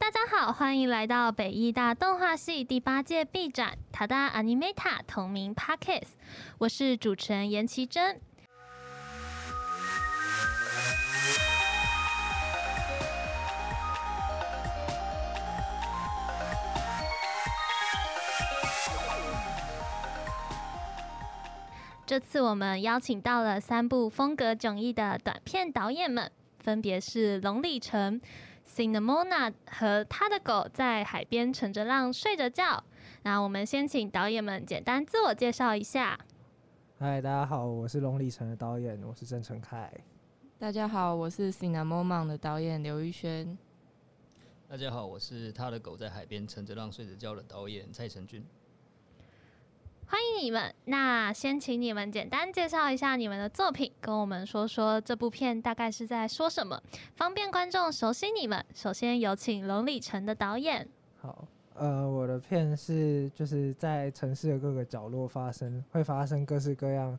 大家好，歡迎來到北藝大動畫系第八屆畢展塔噠 Animeta 同名 Podcast，我是主持人顏其真。這次我們邀請到了三部風格迥異的短片導演們，分別是龍鯉城。《Cinnamomum》和他的狗在海邊乘着浪睡着覺。那我們先請導演們簡單自我介紹一下。嗨，大家好，我是《龍鯉城》的導演，我是鄭臣凱。大家好，我是《Cinnamomum》的導演劉育瑄。大家好，我是《他的狗在海邊乘着浪睡着覺》的導演蔡承均。歡迎你們，那先請你們簡單介紹一下你們的作品，跟我們說說這部片大概是在說什麼，方便觀眾熟悉你們。首先有請《龍鯉城》的導演。好，呃，我的片是就是在城市的各個角落發生，會發生各式各樣，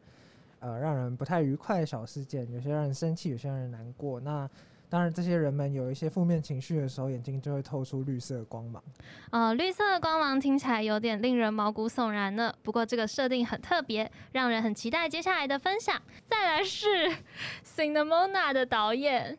呃，讓人不太愉快的小事件，有些讓人生氣，有些讓人難過。那當然，這些人們有一些負面情緒的時候，眼睛就會透出綠色的光芒。哦，綠色的光芒聽起來有點令人毛骨悚然了。不過這個設定很特別，讓人很期待接下來的分享。再來是 Cinnamomum 的導演。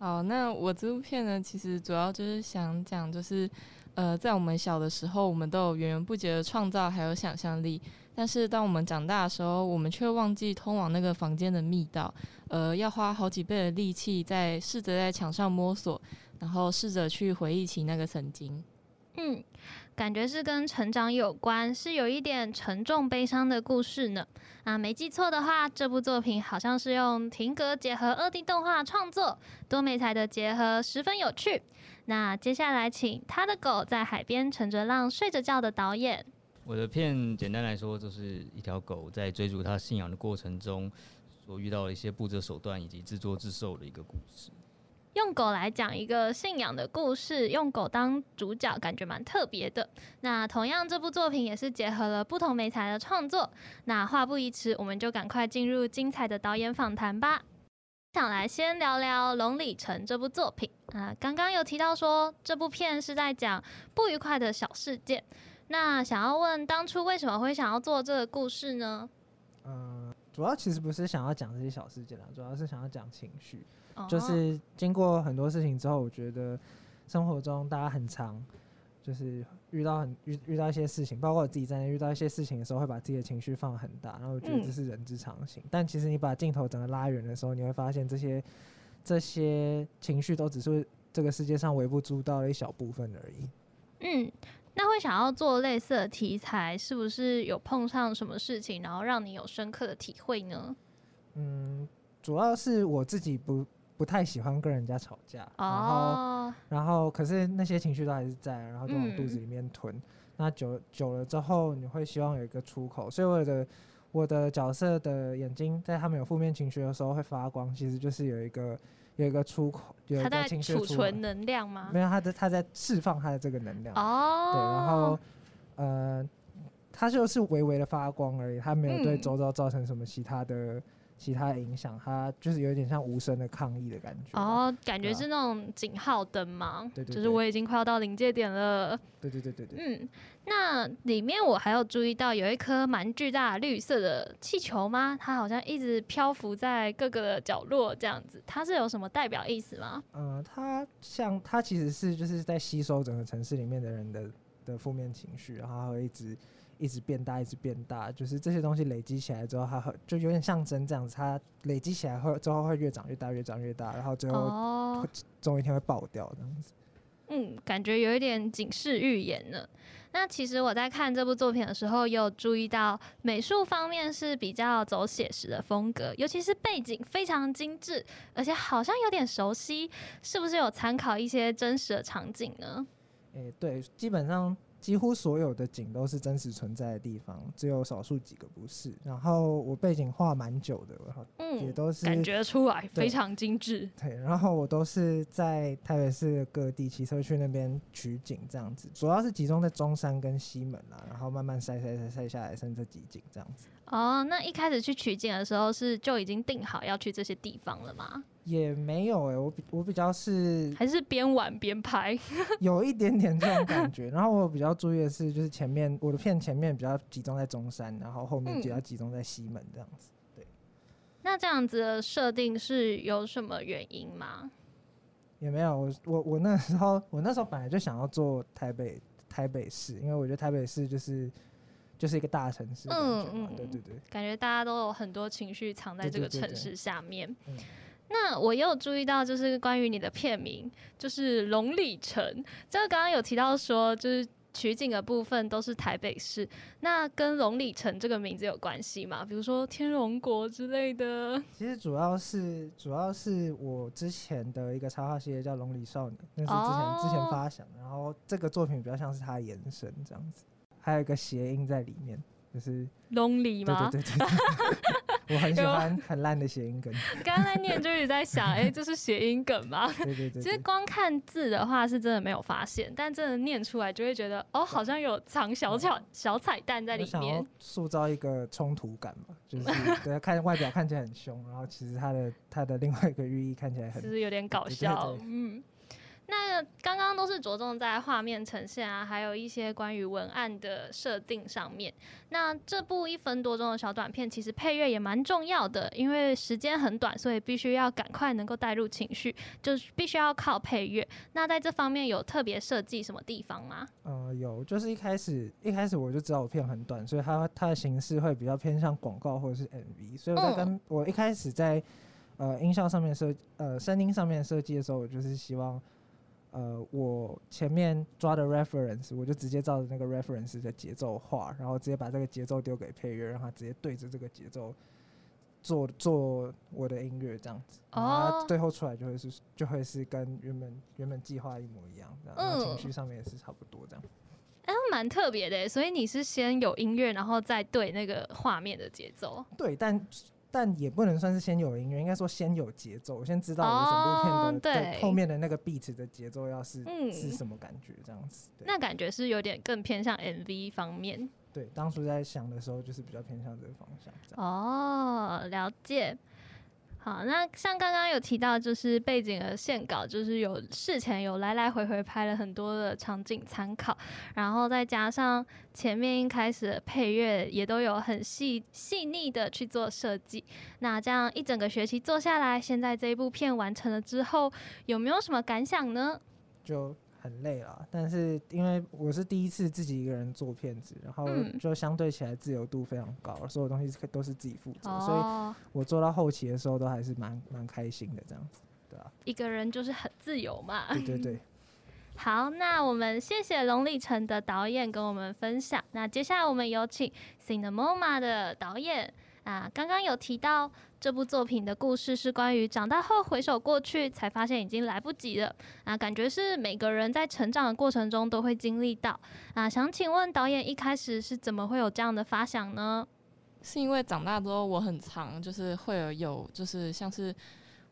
哦，那我這部片呢，其實主要就是想講，就是呃，在我們小的時候，我們都有源源不絕的創造還有想象力。但是當我們長大的時候，我們卻忘記通往那個房間的密道，呃，要花好幾倍的力氣在試着在牆上摸索，然後試着去回憶起那個曾經。嗯，感覺是跟成長有關，是有一點沉重悲傷的故事呢。啊，沒記錯的話，這部作品好像是用停格結合二 D 動畫創作，多媒材的結合十分有趣。那接下來請他的狗在海邊乘着浪睡着覺的導演。我的片簡單來說，就是一條狗在追逐它信仰的過程中所遇到的一些不擇手段以及自作自受的一個故事。用狗來講一個信仰的故事，用狗當主角，感覺蠻特別的。那同樣，這部作品也是結合了不同媒材的創作。那話不宜遲，我們就趕快進入精彩的導演訪談吧。想來先聊聊龍鯉城這部作品啊，呃，剛剛有提到說這部片是在講不愉快的小事件。那想要問，當初為什麼會想要做這個故事呢？嗯、呃，主要其實不是想要講這些小事件啊，主要是想要講情緒。Oh、就是經過很多事情之後，我覺得生活中大家很常，就是遇到很遇遇到一些事情，包括我自己在內遇到一些事情的時候，會把自己的情緒放很大。然後我覺得這是人之常情，嗯、但其實你把鏡頭整個拉遠的時候，你會發現這些這些情緒都只是這個世界上微不足道的一小部分而已。嗯。那會想要做類似的題材，是不是有碰上什麼事情，然後讓你有深刻的體會呢？嗯，主要是我自己不不太喜歡跟人家吵架，哦、然後然後可是那些情緒都還是在，然後就往肚子裡面吞。嗯、那久久了之後，你會希望有一個出口，所以我覺得。我的角色的眼睛，在他們有負面情緒的時候會發光，其實就是有一個有一個出口，有一個儲存能量嗎？沒有，他的他在釋放他的這個能量哦。Oh、對，然後呃，他就是微微的發光而已，他沒有對周遭造成什麼其他的、嗯。其他的影響，它就是有點像無聲的抗議的感覺。哦，感覺是那種警號燈嗎？對對、對，就是我已經快要到臨界點了。對對對對對、對。嗯，那裡面我還有注意到有一顆蠻巨大的綠色的氣球嗎？它好像一直漂浮在各個角落這樣子。它是有什麼代表意思嗎？嗯、呃，它像它其實是就是在吸收整個城市裡面的人的的負面情緒，然後一直。一直變大，一直變大，就是這些東西累積起來之後，它很就有點像針這樣子。它累積起來會之後會越長越大，越長越大，然後最後終、oh. 有一天會爆掉這樣子。嗯，感覺有一點警示預言呢。那其實我在看這部作品的時候，有注意到美術方面是比較走寫實的風格，尤其是背景非常精致，而且好像有點熟悉，是不是有參考一些真實的場景呢？誒、欸，對，基本上。幾乎所有的景都是真實存在的地方，只有少數幾個不是。然後我背景畫蠻久的，然後嗯，也都是感覺出來非常精緻。對，然後我都是在台北市的各地騎車去那邊取景，這樣子，主要是集中在中山跟西門啦，啊，然後慢慢篩、篩、篩、篩下來，剩這幾景這樣子。哦，那一開始去取景的時候是就已經定好要去這些地方了嗎？也沒有哎、欸，我比我比較是還是邊玩邊拍，有一點點這種感覺。 然後我比較注意的是，就是前面我的片前面比較集中在中山，然後後面比較集中在西門這樣子。嗯、對，那這樣子的設定是有什麼原因嗎？也沒有，我我我那時候我那時候本來就想要做台北台北市，因為我覺得台北市就是就是一個大城市，嗯嗯，對對對，感覺大家都有很多情緒藏在這個城市下面。對對對對。嗯。那我又注意到，就是關於你的片名，就是《龍鯉城》，就剛剛有提到說，就是取景的部分都是台北市。那跟《龍鯉城》這個名字有關係嗎？比如說天龍國之類的？其實主要是，主要是我之前的一個插畫系列叫《龍鯉少女》，那是之前、哦、之前發的。然後這個作品比較像是他的延伸這樣子，還有一個諧音在裡面，就是龍鯉嘛。對對對對,對。 我很喜歡很爛的諧音梗有有。剛剛 在念就是一直在想，哎、 欸，這，就是諧音梗嗎？對對對。其實光看字的話，是真的沒有發現，但真的念出來就會覺得，哦、喔，好像有藏小巧小、小、小彩蛋在裡面。塑造一個衝突感嘛，就是對，看外表看起來很凶， 然後其實它的它的另外一個寓意看起來很，就是有點搞笑，嗯。那剛剛都是着重在畫面呈現啊，還有一些關於文案的設定上面。那這部一分多鐘的小短片，其實配樂也蠻重要的，因為時間很短，所以必須要趕快能夠帶入情緒，就是必須要靠配樂。那在這方面有特別設計什麼地方嗎？呃，有，就是一開始一開始我就知道我片很短，所以它它的形式會比較偏向廣告或者是 MV。所以我，我跟、嗯、我一開始在呃音效上面設呃聲音上面設計的時候，我就是希望。呃，我前面抓的 reference，我就直接照着那個 reference 的節奏畫，然後直接把這個節奏丟給配樂，讓他直接對着這個節奏做做我的音樂，這樣子，然後最後出來就會是就會是跟原本原本計劃一模一樣，嗯，情緒上面也是差不多這樣，哎，嗯，欸，蠻特別的，所以你是先有音樂，然後再對那個畫面的節奏，對，但。但也不能算是先有音樂，應該說先有節奏。我先知道我整部片的、哦、對對後面的那個 beat 的節奏要是、嗯、是什麼感覺，這樣子。那感覺是有點更偏向 MV 方面。對，當初在想的時候就是比較偏向這個方向。哦，了解。好，那像剛剛有提到，就是背景的線稿，就是有事前有來來回回拍了很多的場景參考，然後再加上前面一開始的配樂也都有很細細膩的去做設計。那這樣一整個學期做下來，現在這一部片完成了之後，有沒有什麼感想呢？就。很累了，但是因為我是第一次自己一個人做片子，然後就相對起來自由度非常高，嗯、所有東西都是自己負責，哦、所以我做到後期的時候都還是蠻蠻開心的，這樣子，對、啊、一個人就是很自由嘛。對對對。好，那我們謝謝龍鯉城的導演跟我們分享。那接下來我們有請 Cinnamomum 的導演。啊，剛剛有提到這部作品的故事是關於長大後回首過去，才發現已經來不及了。啊，感覺是每個人在成長的過程中都會經歷到。啊，想請問導演一開始是怎麼會有這樣的發想呢？是因為長大之後，我很常，就是會有，就是像是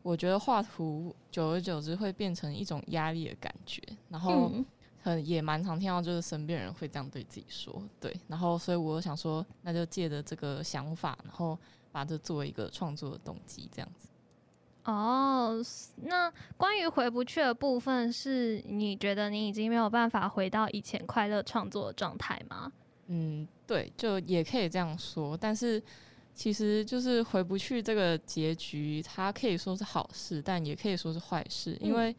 我覺得畫圖久而久之會變成一種壓力的感覺，然後。嗯嗯，也蠻常聽到，就是身邊人會這樣對自己說，對。然後，所以我想說，那就借着這個想法，然後把這作為一個創作的動機，這樣子。哦，oh, 那關於回不去的部分，是你覺得你已經沒有辦法回到以前快樂創作的狀態嗎？嗯，對，就也可以這樣說。但是，其實就是回不去這個結局，它可以說是好事，但也可以說是壞事，因為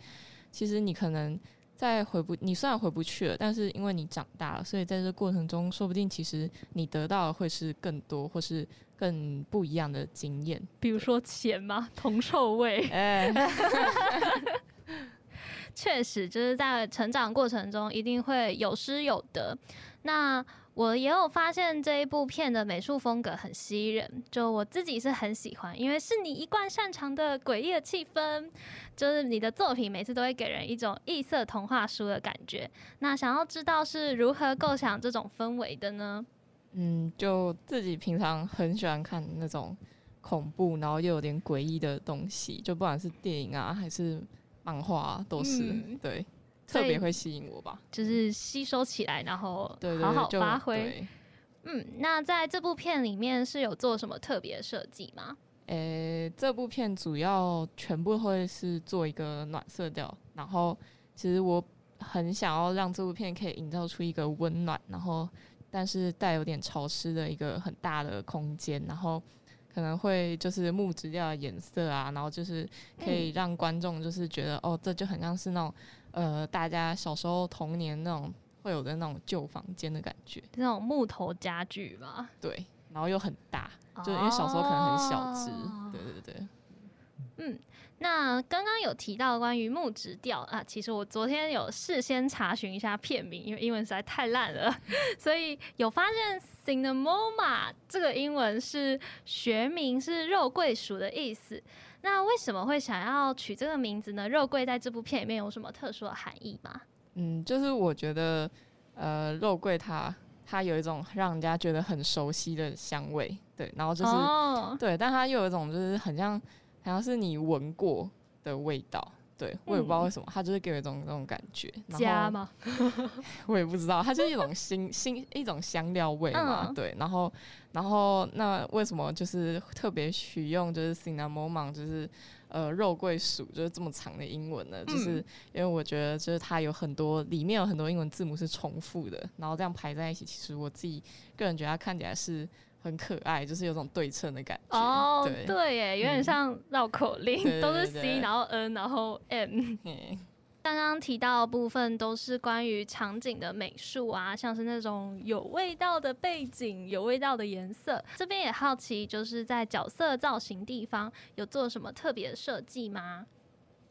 其實你可能。在回不，你雖然回不去了，但是因為你長大了，所以在這過程中，說不定其實你得到的會是更多，或是更不一樣的經驗。比如說錢嗎？銅臭味。確 實，就是在成長過程中一定會有失有得。那。我也有發現這一部片的美術風格很吸引人，就我自己是很喜歡，因為是你一貫擅長的詭異的氣氛，就是你的作品每次都會給人一種異色童話書的感覺。那想要知道是如何構想這種氛圍的呢？嗯，就自己平常很喜歡看那種恐怖，然後又有點詭異的東西，就不管是電影啊還是漫畫啊，都是，嗯，對。特別會吸引我吧，就是吸收起來，然後好好發揮。對對對，嗯，那在這部片裡面是有做什麼特別設計嗎？呃、欸，這部片主要全部會是做一個暖色調，然後其實我很想要讓這部片可以營造出一個溫暖，然後但是帶有點潮濕的一個很大的空間，然後可能會就是木質調的顏色啊，然後就是可以讓觀眾就是覺得、嗯、哦，這就很像是那種。呃，大家小時候童年那種會有的那種舊房間的感覺，那種木頭家具吧。對，然後又很大，哦、就因為小時候可能很小只。對對對，對，嗯，那剛剛有提到關於木質調啊，其實我昨天有事先查詢一下片名，因為英文實在太爛了， 所以有發現 c i n e m o m a 這個英文是學名，是肉桂屬的意思。那為什麼會想要取這個名字呢？肉桂在這部片裡面有什麼特殊的含義嗎？嗯，就是我覺得，呃，肉桂它它有一種讓人家覺得很熟悉的香味，對，然後就是、oh. 對，但它又有一種就是很像，好像是你聞過的味道。對，我也不知道為什麼，它、嗯，就是給我一種那種感覺。加家嗎？ 我也不知道，它就是一種新新一種香料味嘛。嗯，對，然後然後那為什麼就是特別許用就是新 i n n a m o n 就是呃肉桂屬就是這麼長的英文呢？就是，嗯，因為我覺得就是它有很多裡面有很多英文字母是重複的，然後這樣排在一起，其實我自己個人覺得它看起來是，很可愛，就是有種對稱的感覺。哦，oh, 對，哎耶，有點像繞口令， 對對對對都是 C，然後 N，然後 M。剛剛 提到的部分都是關於場景的美術啊，像是那種有味道的背景、有味道的顏色。這邊也好奇，就是在角色造型地方有做什麼特別的設計嗎？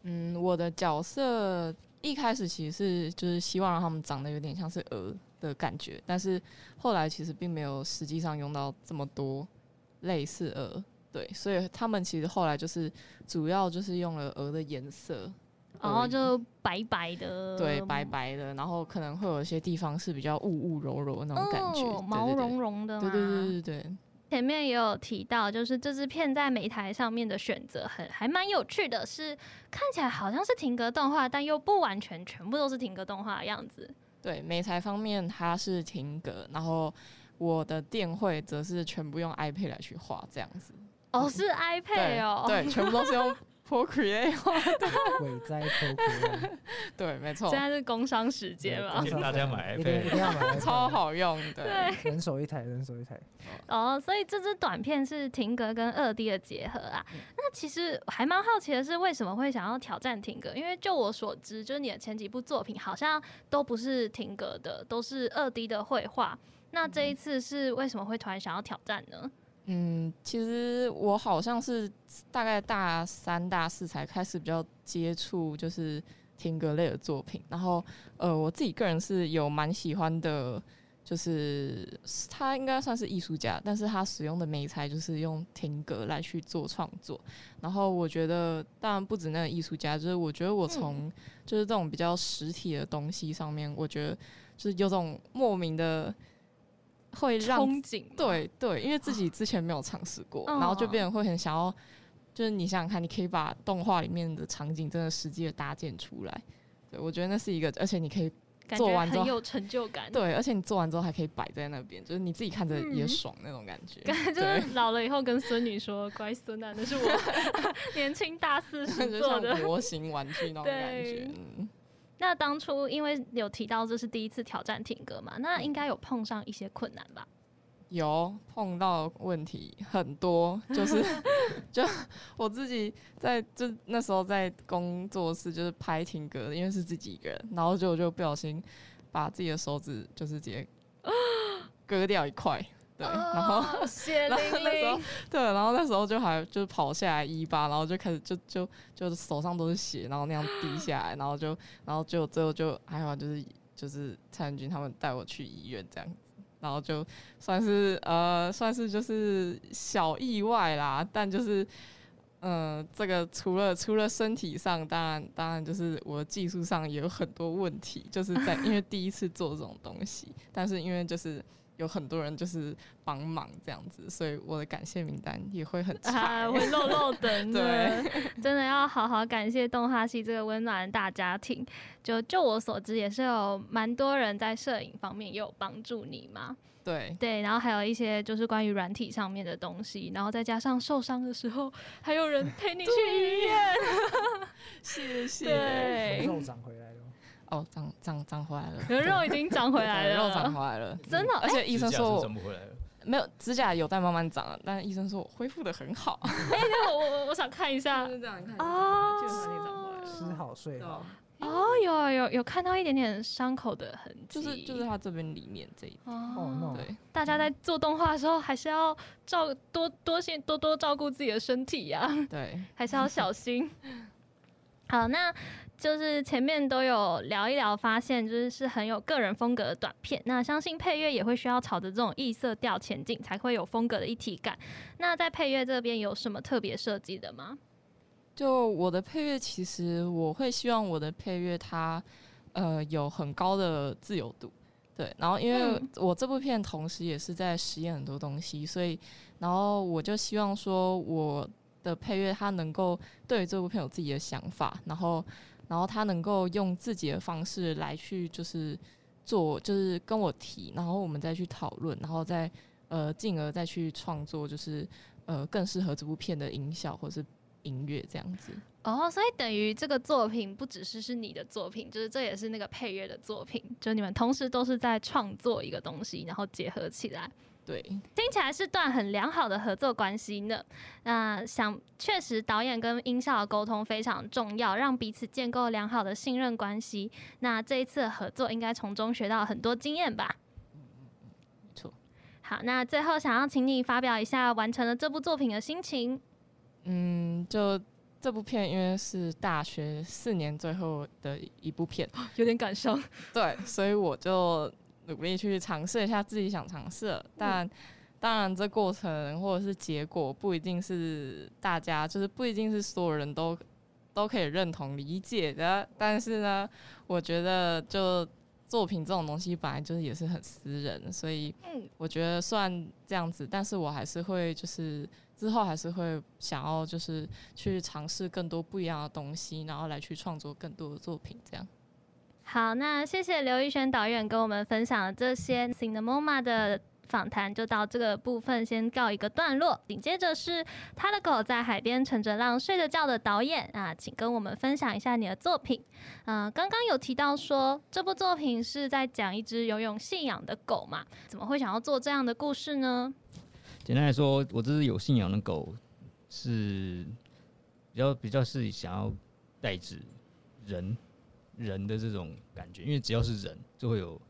嗯，我的角色一開始其實是就是希望讓他們長得有點像是鵝，的感覺，但是後來其實並沒有實際上用到這麼多類似鵝，對，所以他們其實後來就是主要就是用了鵝的顏色，然後、oh, 鵝就白白的，對，白白的，然後可能會有一些地方是比較霧霧柔柔的那種感覺，毛茸茸的，對對對對對。前面也有提到、就是，就是這支片在美台上面的選擇很還蠻有趣的是，是看起來好像是停格動畫，但又不完全全部都是停格動畫的樣子。對媒材方面，它是停格，然後我的電繪則是全部用 iPad 來去畫，這樣子。哦，是 iPad 對哦。對， 全部都是用。Procreate 畫的鬼災 Procreate，對，沒錯，現在是工商時間嘛。對 大家買，一定要買， 超好用的。對對人手一台，人手一台。 哦，所以這支短片是停格跟二 D 的結合啊。嗯、那其實還蠻好奇的是，為什麼會想要挑戰停格？因為就我所知，就是你的前幾部作品好像都不是停格的，都是二 D 的繪畫。那這一次是為什麼會突然想要挑戰呢？嗯，其實我好像是大概大三、大四才開始比較接觸，就是定格類的作品。然後，呃，我自己個人是有蠻喜歡的，就是他應該算是藝術家，但是他使用的媒材就是用定格來去做創作。然後，我覺得當然不止那個藝術家，就是我覺得我從就是這種比較實體的東西上面，嗯、我覺得就是有種莫名的。會讓對對，因為自己之前沒有嘗試過，啊、然後就變得會很想要。就是你想想看，你可以把動畫裡面的場景真的實際的搭建出來。對，我覺得那是一個，而且你可以做完之後很有成就感。對，而且你做完之後還可以擺在那邊，就是你自己看着也爽那種感覺。就是老了以後跟孫女說：“乖孫啊，那是我年輕大四十做的就模型玩具那種感覺。”那當初因為有提到這是第一次挑戰停格嘛，那應該有碰上一些困難吧？有，碰到問題很多，就是 就我自己在就那時候在工作室就是拍停格，因為是自己一個人，然後就我就不小心把自己的手指就是直接割掉一塊。對，然後零零，然後那時候對，然後那時候就還就跑下來一巴，然後就開始就就就手上都是血，然後那樣滴下來，然後就然後就最後就還好，就是就是蔡承均他們帶我去醫院這樣子，然後就算是呃算是就是小意外啦，但就是嗯、呃、這個除了除了身體上，當然當然就是我的技術上也有很多問題，就是在 因為第一次做這種東西，但是因為就是。有很多人就是幫忙這樣子，所以我的感謝名單也會很長，會漏漏的。露露，對，真的要好好感謝動畫系這個溫暖的大家庭。就就我所知，也是有蠻多人在攝影方面也有幫助你嘛。對對，然後還有一些就是關於軟體上面的東西，然後再加上受傷的時候還有人陪你去醫院。 對 謝謝。對哦，長長長回來了，可是肉已經長回來了， 肉長回來了，真的、嗯。而且醫生說，我沒有指甲，有在慢慢長，了。但醫生說，我恢復得很好。哎、欸欸，我我我想看一下，就是這樣你看啊，是、哦、好睡好。哦，有、啊、有有看到一點點傷口的痕跡、就是，就是就是他這邊裡面這一哦，對，大家在做動畫的時候還是要照多多些多多照顧自己的身體呀、啊。對，還是要小心。 好，那。就是前面都有聊一聊，發現就是是很有個人風格的短片。那相信配樂也會需要朝着這種異色調前進，才會有風格的一體感。那在配樂這邊有什麼特別設計的嗎？就我的配樂，其實我會希望我的配樂它呃有很高的自由度。對，然後因為我這部片同時也是在實驗很多東西，所以然後我就希望說我的配樂它能夠對於這部片有自己的想法，然後。然後他能夠用自己的方式來去，就是做，就是跟我提，然後我們再去討論，然後再呃，進而再去創作，就是呃，更適合這部片的音效或是。音樂這樣子哦，oh, 所以等於這個作品不只是是你的作品，就是這也是那個配樂的作品，就你們同時都是在創作一個東西，然後結合起來。對，聽起來是段很良好的合作關係呢？那那想確實導演跟音效的溝通非常重要，讓彼此建構良好的信任關係。那這一次的合作應該從中學到很多經驗吧。嗯嗯，沒錯。好，那最後想要請你發表一下完成了這部作品的心情。嗯，就這部片，因為是大學四年最後的一部片，有點感傷。 對，所以我就努力去嘗試一下自己想嘗試。但當然，這過程或者是結果不一定是大家，就是不一定是所有人都都可以認同理解的。但是呢，我覺得就作品這種東西本來就是也是很私人，所以我覺得算這樣子。但是我還是會就是。之後還是會想要就是去嘗試更多不一樣的東西，然後來去創作更多的作品，這樣。好，那謝謝劉育瑄導演跟我們分享的這些《Cinnamomum》的訪談，就到這個部分先告一個段落。緊接着是他的狗在海邊乘着浪睡着覺的導演啊，請跟我們分享一下你的作品。嗯、呃，剛剛有提到說這部作品是在講一只擁有信仰的狗嘛？怎麼會想要做這樣的故事呢？簡單來說，我這隻有信仰的狗，是比較比較是想要代指人人的這種感覺，因為只要是人就會有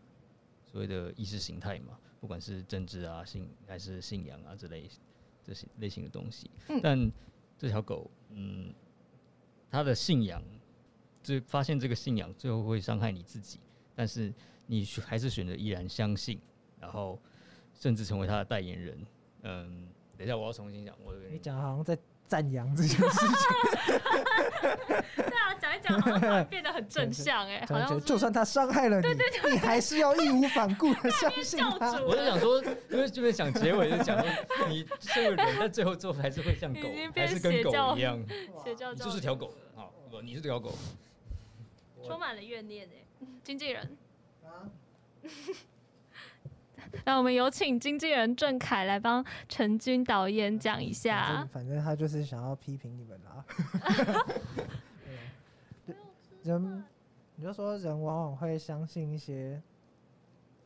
所謂的意識形態嘛，不管是政治啊、信還是信仰啊之類這些類型的東西。嗯、但這條狗，嗯，它的信仰，就發現這個信仰最後會傷害你自己，但是你還是選擇依然相信，然後甚至成為它的代言人。嗯，等一下我要重新講。我你講好像在讚揚這件事情。對啊，講一講好像變得很正向哎。好像就算他傷害了你，你還是要義無反顧的相信他。我是想說，因為這邊想結尾在講，說，你這個人在最後做還是會像狗，還是跟狗一樣，邪教就是條狗啊，你是條狗，充滿了怨念哎，經紀人那我們有請經紀人鄭凱來幫承均導演講一下反。反正他就是想要批評你們啦。人， 你就說人往往會相信一些，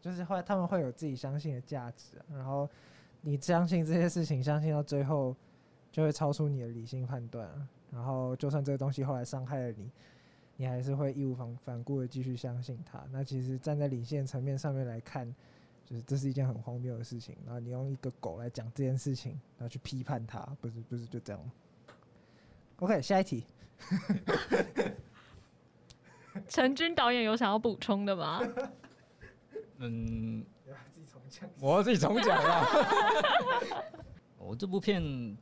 就是會他們會有自己相信的價值、啊，然後你相信這些事情，相信到最後就會超出你的理性判斷、啊，然後就算這個東西後來傷害了你，你還是會義無反顧的繼續相信他。那其實站在理性層面上面來看。就是這是一件很荒謬的事情，然後你用一個狗來講這件事情，然後去批判它，不是不是就這樣 OK。下一題，承 均導演有想要補充的嗎？ 嗯，我要自己重講，我要自己重講了。我這部片，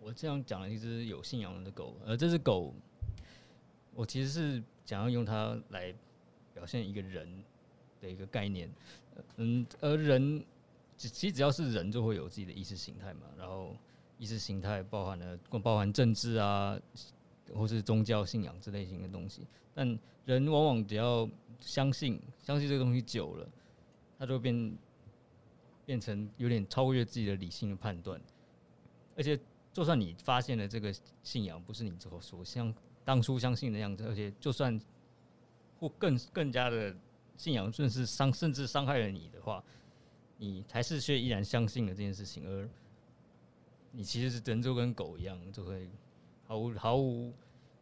我這樣講了一隻有信仰的狗，而、呃、這隻狗，我其實是想要用它來表現一個人的一個概念。嗯，而人其實只要是人，就會有自己的意識形態嘛。然後意識形態包含了包含政治啊，或是宗教信仰之類型的東西。但人往往只要相信相信這個東西久了，它就會變變成有點超越自己的理性的判斷。而且，就算你發現了這個信仰不是你之後所相當初相信的樣子，而且就算或更更加的。信仰甚是傷，甚至傷害了你的話，你還是卻依然相信了這件事情，而你其實是人就跟狗一樣，就會毫無毫無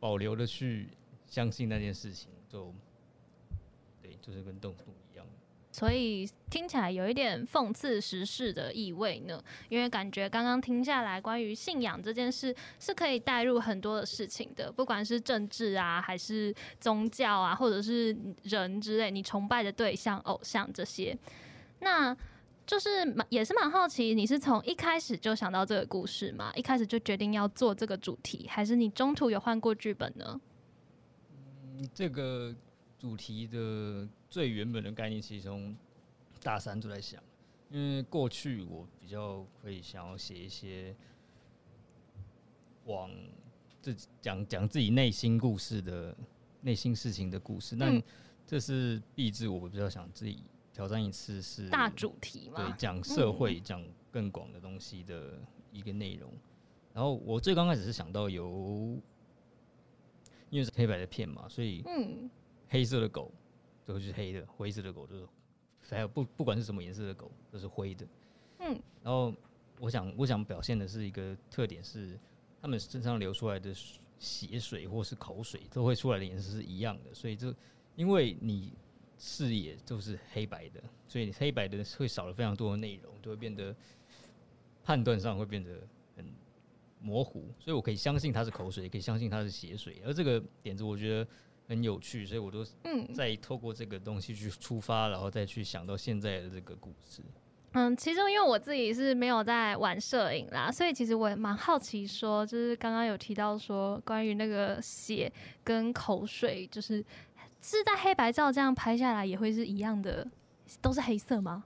保留的去相信那件事情，就對，就是跟動物。所以聽起來有一點諷刺時事的意味呢，因為感覺剛剛聽下來，關於信仰這件事是可以帶入很多的事情的，不管是政治啊，還是宗教啊，或者是人之類，你崇拜的對象、偶像這些，那就是也是蠻好奇，你是從一開始就想到這個故事嗎？一開始就決定要做這個主題，還是你中途有換過劇本呢？嗯，這個主題的。最原本的概念其中，其實從大三就在想，因為過去我比較會想要寫一些往自己講講自己內心故事的內心事情的故事，那、嗯、這是畢製，我比較想自己挑戰一次是，是大主題嘛？對，講社會，講、嗯、更廣的東西的一個內容。然後我最剛開始是想到有，因為是黑白的片嘛，所以黑色的狗。嗯都是黑的，灰色的狗就是，還有不不管是什麼顏色的狗都是灰的，嗯，然後我想我想表現的是一個特點是，它們身上流出來的血水或是口水都會出來的顏色是一樣的，所以就因為你視野就是黑白的，所以黑白的會少了非常多的內容，就會變得判斷上會變得很模糊，所以我可以相信它是口水，也可以相信它是血水，而這個點子我覺得，很有趣，所以我都在透過這個東西去出發，嗯，然後再去想到現在的這個故事。嗯，其中因為我自己是沒有在玩攝影啦，所以其實我也蠻好奇說，說就是剛剛有提到說關於那個血跟口水，就是是在黑白照這樣拍下來也會是一樣的，都是黑色嗎？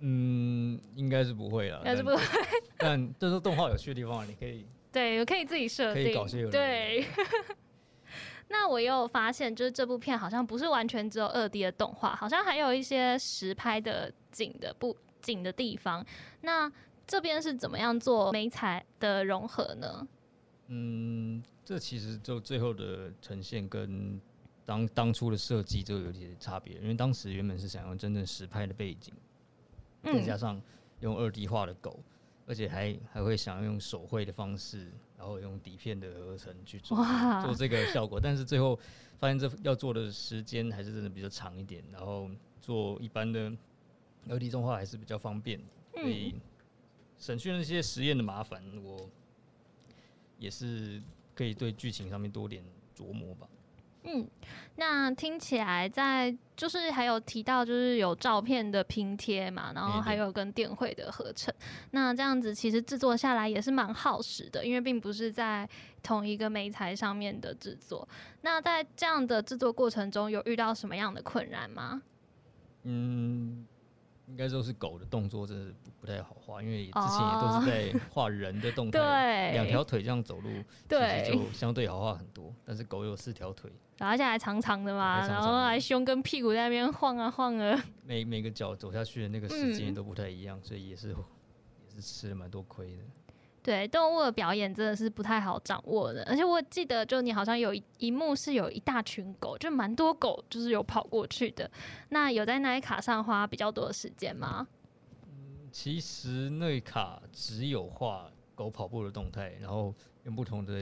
嗯，應該是不會啦，應該是不會但 但。但這是動畫有趣的地方，你可以對，我可以自己設定，可以搞笑，對。對那我又發現，就是這部片好像不是完全只有二 D 的動畫，好像還有一些實拍的景的布景的地方。那這邊是怎麼樣做媒材的融合呢？嗯，這其實就最後的呈現跟當當初的設計就有些差別，因為當時原本是想用真正實拍的背景，再加上用二 D 畫的狗，而且還還會想要用手繪的方式。然後用底片的合成去做做這個效果，哇但是最後發現這要做的時間還是真的比較長一點。然後做一般的 2D 中畫還是比較方便，嗯、所以省去了那些實驗的麻煩，我也是可以對劇情上面多點琢磨吧。嗯，那聽起來在就是還有提到就是有照片的拼貼嘛，然後還有跟電繪的合成，對那這樣子其實製作下來也是蠻耗時的，因為並不是在同一個媒材上面的製作。那在這樣的製作過程中，有遇到什麼樣的困難嗎？嗯。應該說是狗的動作真的不太好畫，因為之前也都是在畫人的動作，兩條腿這樣走路，其實就相對好畫很多。但是狗有四條腿，然後現在還長長的嘛，長長的然後還胸跟屁股在那邊晃啊晃啊，每。每每個腳走下去的那個時間都不太一樣，嗯、所以也是也是吃了蠻多虧的。對動物的表演真的是不太好掌握的。而且我記得就你好像有一幕是有一大群狗，就蠻多狗就是有跑過去的。那有在那一卡上花比較多的時間嗎？嗯，其實那一卡只有畫狗跑步的動態，然後用不同的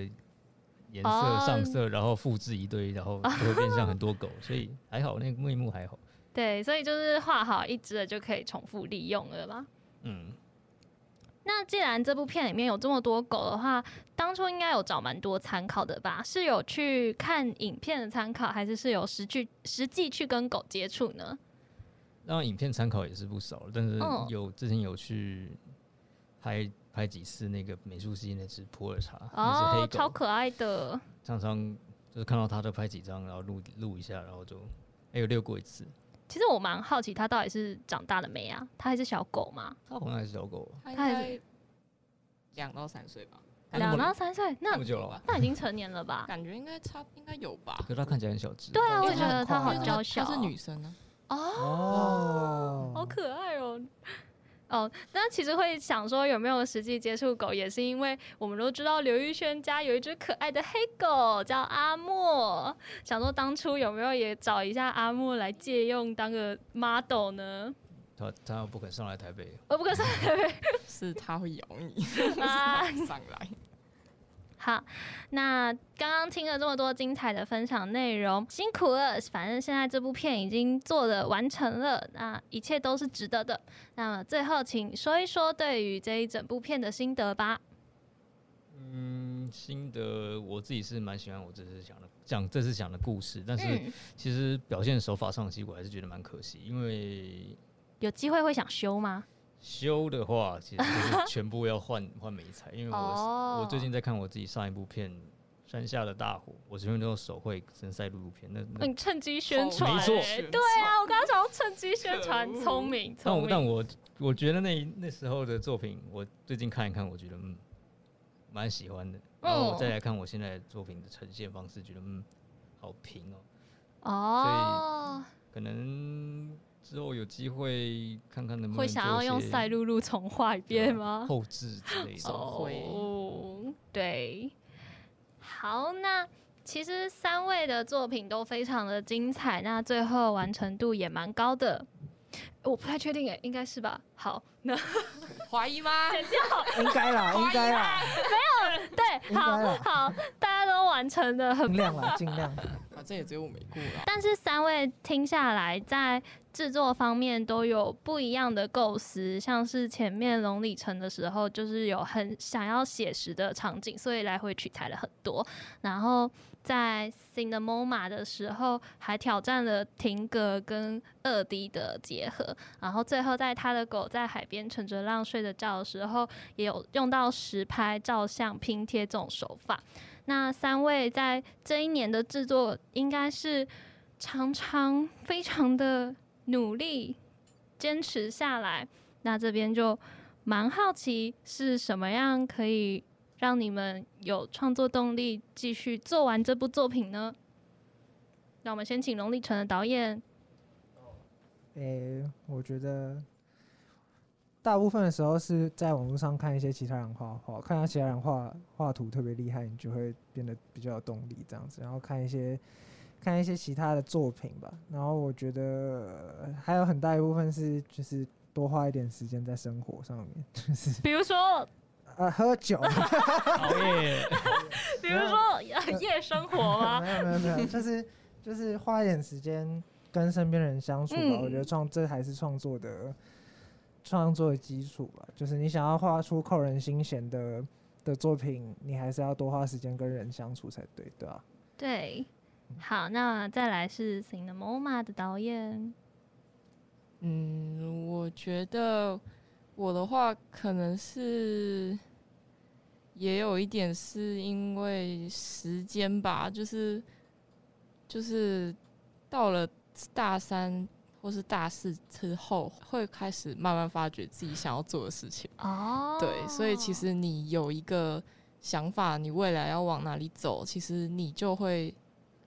顏色上色，oh. 然後複製一堆，然後就會變成很多狗。 所以還好，那那一幕還好。對，所以就是畫好一隻就可以重複利用了吧？嗯。那既然這部片裡面有這麼多狗的話，當初應該有找蠻多參考的吧？是有去看影片的參考，還是是有實際實際去跟狗接觸呢？那影片參考也是不少，但是有之前有去拍拍幾次那個美術系那隻普洱茶哦，超可愛的，常常就是看到他就拍幾張，然後錄錄一下，然後就還有遛過一次。其實我蠻好奇，他到底是長大了沒啊？他還是小狗嗎？他好像還是小狗，他還是兩到三歲吧？兩到三歲，那那已經成年了吧？ 感覺應該差，應該有吧？可是他看起來很小只，對啊，我也覺得他好嬌小。是女生呢、啊？哦、oh，oh、好可愛哦、喔！哦，那其實會想說有沒有實際接觸狗，也是因為我們都知道劉育瑄家有一隻可愛的黑狗叫阿莫，想說當初有沒有也找一下阿莫來借用當個 model 呢？他他不，不肯上來台北，我不肯上來台北，是他會咬你，啊、 上來。好，那剛剛聽了這麼多精彩的分享內容，辛苦了。反正現在這部片已經做的完成了，那一切都是值得的。那麼最後，請說一說對於這一整部片的心得吧。嗯，心得我自己是蠻喜歡我這次講的講這次講的故事，但是其實表現手法上其實我還是覺得蠻可惜，因為有機會會想修嗎？修的話，其實就是全部要換換 媒材，因為我、oh. 我最近在看我自己上一部片《山下的大火》，我這邊都用手繪跟賽璐璐片，那你、嗯、趁機宣傳錯，沒錯、欸，對啊，我剛剛想要趁機宣傳聰惡明，明但。但我但我我覺得那一那時候的作品，我最近看一看，我覺得蠻、嗯、喜歡的。然後我再來看我現在的作品的呈現方式，覺得嗯好平哦、喔。Oh. 所以哦、嗯，可能。之後有機會看看能不能會想要用賽露露重畫一遍嗎？後置之類。哦，對，好，那其實三位的作品都非常的精彩，那最後完成度也蠻高的、欸。我不太確定哎、欸，應該是吧？好，那懷疑嗎？教應該啦，應該啦，沒有。 對，好好，大家都完成的很亮了，尽 量的 啊，這也只有我沒過了。但是三位聽下來，在製作方面都有不一樣的構思，像是前面龍鯉城的時候，就是有很想要寫實的場景，所以來回取材了很多，然後。在 Cinnamomum 的時候，還挑戰了停格跟 2D 的結合，然後最後在他的狗在海邊乘着浪睡着覺的時候，也有用到實拍照相拼貼這種手法。那三位在這一年的制作，應該是常常非常的努力堅持下來。那這邊就蠻好奇是什麼樣可以。讓你們有創作動力繼續做完這部作品呢？那我們先請龍鯉城的導演。誒、欸，我覺得大部分的時候是在網絡上看一些其他人畫畫，看到其他人畫畫圖特別厲害，你就會變得比較有動力這樣子。然後看一些看一些其他的作品吧。然後我覺得還有很大一部分是，就是多花一點時間在生活上面，就是比如說。呃，喝酒，熬夜說，比如說夜生活嗎？沒有、呃，沒有，沒有，就是就是花一點時間跟身邊人相處吧。 我覺得創這還是創作的創作的基礎吧。就是你想要畫出扣人心弦的的作品，你還是要多花時間跟人相處才對，對吧、啊？對，好，那再來是《Cinnamomum》的導演，嗯，我覺得。我的話，可能是也有一點是因為時間吧，就是就是到了大三或是大四之後，會開始慢慢發覺自己想要做的事情。哦、oh，對，所以其實你有一個想法，你未來要往哪裡走，其實你就會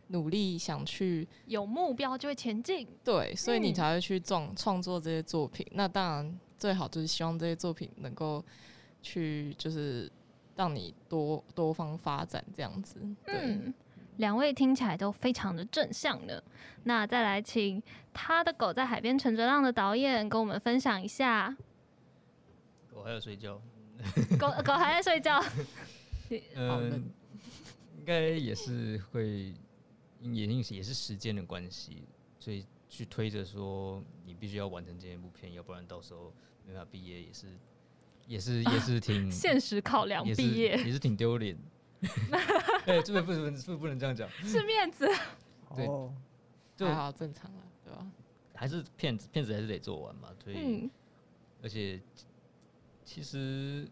努力想去。有目標就會前進。對，所以你才會去創創作這些作品。嗯、那當然。最好就是希望這些作品能夠去，就是讓你多多方發展這樣子。嗯，兩位聽起來都非常的正向的。那再來請《他的狗在海邊乘着浪》的導演跟我們分享一下。狗還要睡覺。狗狗還在睡覺。嗯，應該也是會，也因也是時間的關係，所以。去推着說你必須要完成這一部片，要不然到時候沒法畢業，也是，也是，也是挺、啊、現實考量也是、畢業也是，也是挺丟臉。 對，這邊不能，是不，不，不，不，不，不能這樣講，是面子。對，哦、對，還好，正常了，對吧？還是片子，片子還是得做完嘛。所以，嗯、而且其實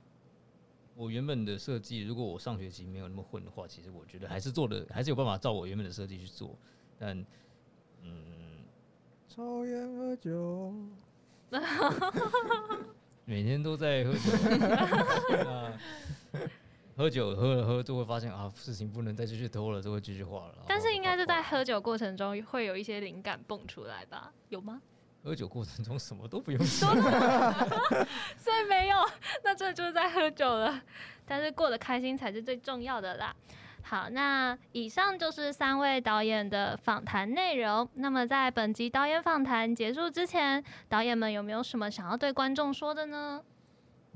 我原本的設計，如果我上學期沒有那麼混的話，其實我覺得還是做的，還是有辦法照我原本的設計去做。但，嗯。抽煙喝酒， 每天都在喝酒。 對啊、喝酒喝了喝，就會發現啊，事情不能再繼續拖了，就會繼續畫了。但是應該是在喝酒過程中會有一些靈感蹦出來吧？有嗎？喝酒過程中什麼都不用說了， 所以沒有。那這就是在喝酒了，但是過得開心才是最重要的啦。好，那以上就是三位導演的訪談內容。那麼，在本集導演訪談結束之前，導演們有沒有什麼想要對觀眾說的呢？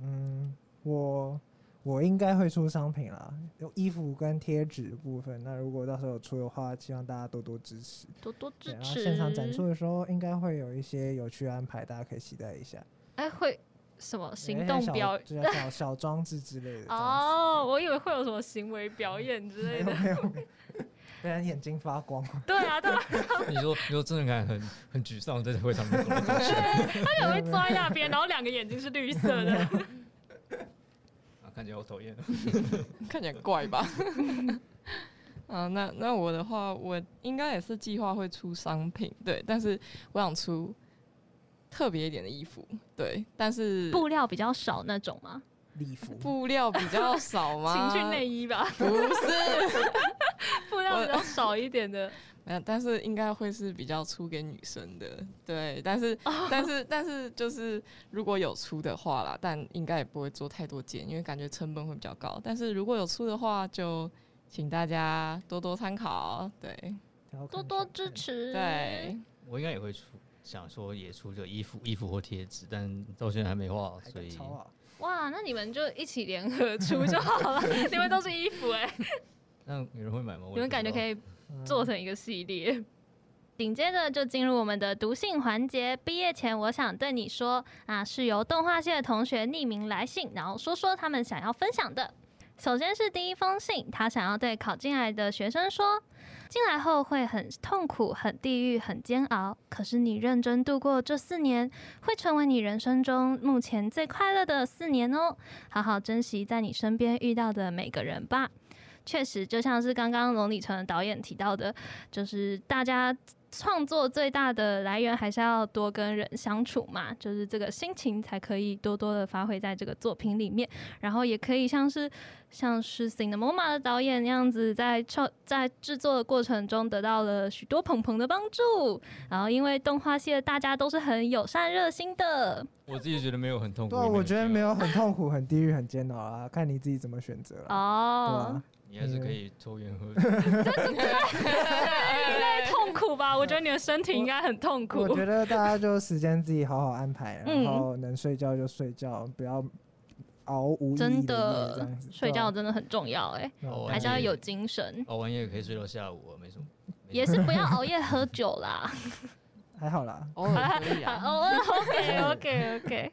嗯，我我應該會出商品了，有衣服跟貼紙部分。那如果到時候有出的話，希望大家多多支持，多多支持。然後現場展出的時候，應該會有一些有趣安排，大家可以期待一下。哎、欸，會。什麼行動表演小？小小裝置之類的。哦，對我以為會有什麼行為表演之類的沒。沒，不然眼睛發光 對、啊。對啊對啊。你說 你說真的，感覺很很沮喪，在會場裡面。對， 對 他也會坐在那邊，然後兩個眼睛是綠色的。 啊，看起來好討厭，看起來怪吧？ 啊，那那我的話，我應該也是計劃會出商品，對，但是我想出。特別一點的衣服，對，但是布料比較少那種嗎？禮服布料比較少嗎？ 情趣內衣吧，不是 布料比較少一點的。沒有，但是應該會是比較出給女生的，對，但是、哦、但是但是就是如果有出的話啦，但應該也不會做太多件，因為感覺成本會比較高。但是如果有出的話，就請大家多多參考，對，多多支持。對，我應該也會出。想說也出這個衣服、衣服或貼紙，但到現在還沒畫，所以好哇，那你們就一起聯合出就好了，你們 都是衣服哎、欸。那有人會買嗎？你們感覺可以做成一個系列。緊、嗯、接着就進入我們的讀信環節。畢業前，我想對你說啊，是由動畫系的同學匿名來信，然後說說他們想要分享的。首先是第一封信，他想要對考進來的學生說，進來後會很痛苦、很地獄、很煎熬，可是你認真度過這四年，會成為你人生中目前最快樂的四年哦、喔，好好珍惜在你身邊遇到的每個人吧。確實，就像是剛剛龍鯉城的導演提到的，就是大家。創作最大的來源還是要多跟人相處嘛，就是這個心情才可以多多的發揮在這個作品裡面，然後也可以像是像是《Cinnamomum》的導演那樣子在，在創在制作的過程中得到了許多蓬蓬的幫助，然後因為動畫系的大家都是很友善熱心的。我自己覺得沒有很痛苦。我 覺得沒有很痛苦、 很地獄、很煎熬啊，看你自己怎麼選擇了。哦、oh. 啊。你還是可以抽煙喝酒，嗯、這是對，痛苦吧？我覺得你的身體應該很痛苦。我我覺得大家就時間自己好好安排，嗯、然後能睡覺就睡覺，不要熬無意的，真的睡覺真的很重要，哎，哦、還是要有精神。熬、哦、完夜可以睡到下午、啊，沒什麼。沒什麼也是不要熬夜喝酒啦，還好啦，偶爾可以啊，偶爾、哦、OK OK OK。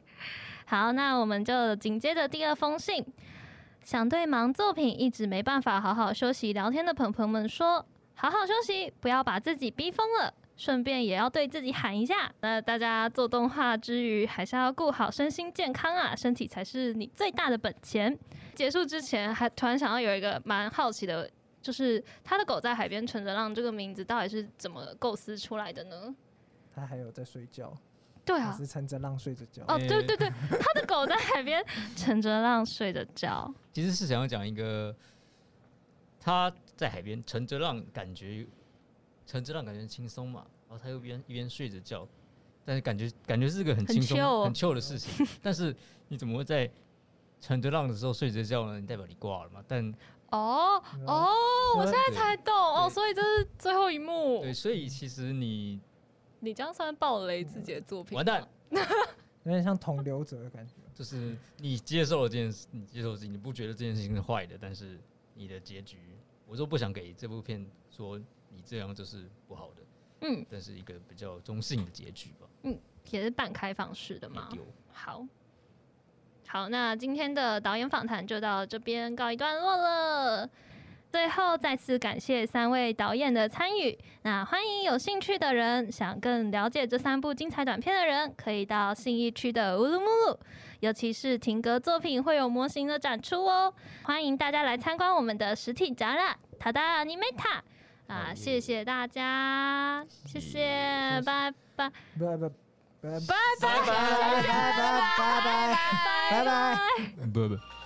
好，那我們就緊接着第二封信。想對忙作品一直沒辦法好好休息聊天的朋朋友們說，好好休息，不要把自己逼瘋了。順便也要對自己喊一下，那大家做動畫之餘，還是要顧好身心健康啊，身體才是你最大的本錢。結束之前，還突然想到有一個蠻好奇的，就是他的狗在海邊乘着浪這個名字到底是怎麼構思出來的呢？他還有在睡覺。對啊，是乘着浪睡着覺。哦，對對對， 他的狗在海邊乘着浪睡着覺。其實是想要講一個，他在海邊乘着浪，感覺乘着浪感覺輕鬆嘛，然後他又邊一邊睡着覺，但是感覺感覺是個很輕鬆很 chill，喔、很 chill 的事情。但是你怎麼會在乘着浪的時候睡着覺呢？你代表你掛了嘛？但哦哦，oh, oh, 嗯、我現在才懂對哦，所以這是最後一幕。對，對，所以其實你。你這樣算暴雷自己的作品，嗯？完蛋，有點像，同流者的感覺。就是你接受了這件事，你接受自己。你不覺得這件事情是壞的，但是你的結局，我就不想給這部片說你這樣就是不好的。嗯，但是一個比較中性的結局吧。嗯，也是半開放式的嘛。嗯、有好，好，那今天的導演訪談就到這邊告一段落了。最後再次感謝三位導演的參與。那歡迎有興趣的人，想更了解這三部精彩短片的人，可以到信義區的烏魯木魯，尤其是停格作品會有模型的展出哦，歡迎大家來參觀我們的實體展覽。塔噠 Animeta，啊，謝謝大家，是謝謝，拜拜，拜拜，拜拜，拜拜，拜拜， 拜拜，拜拜， 拜拜。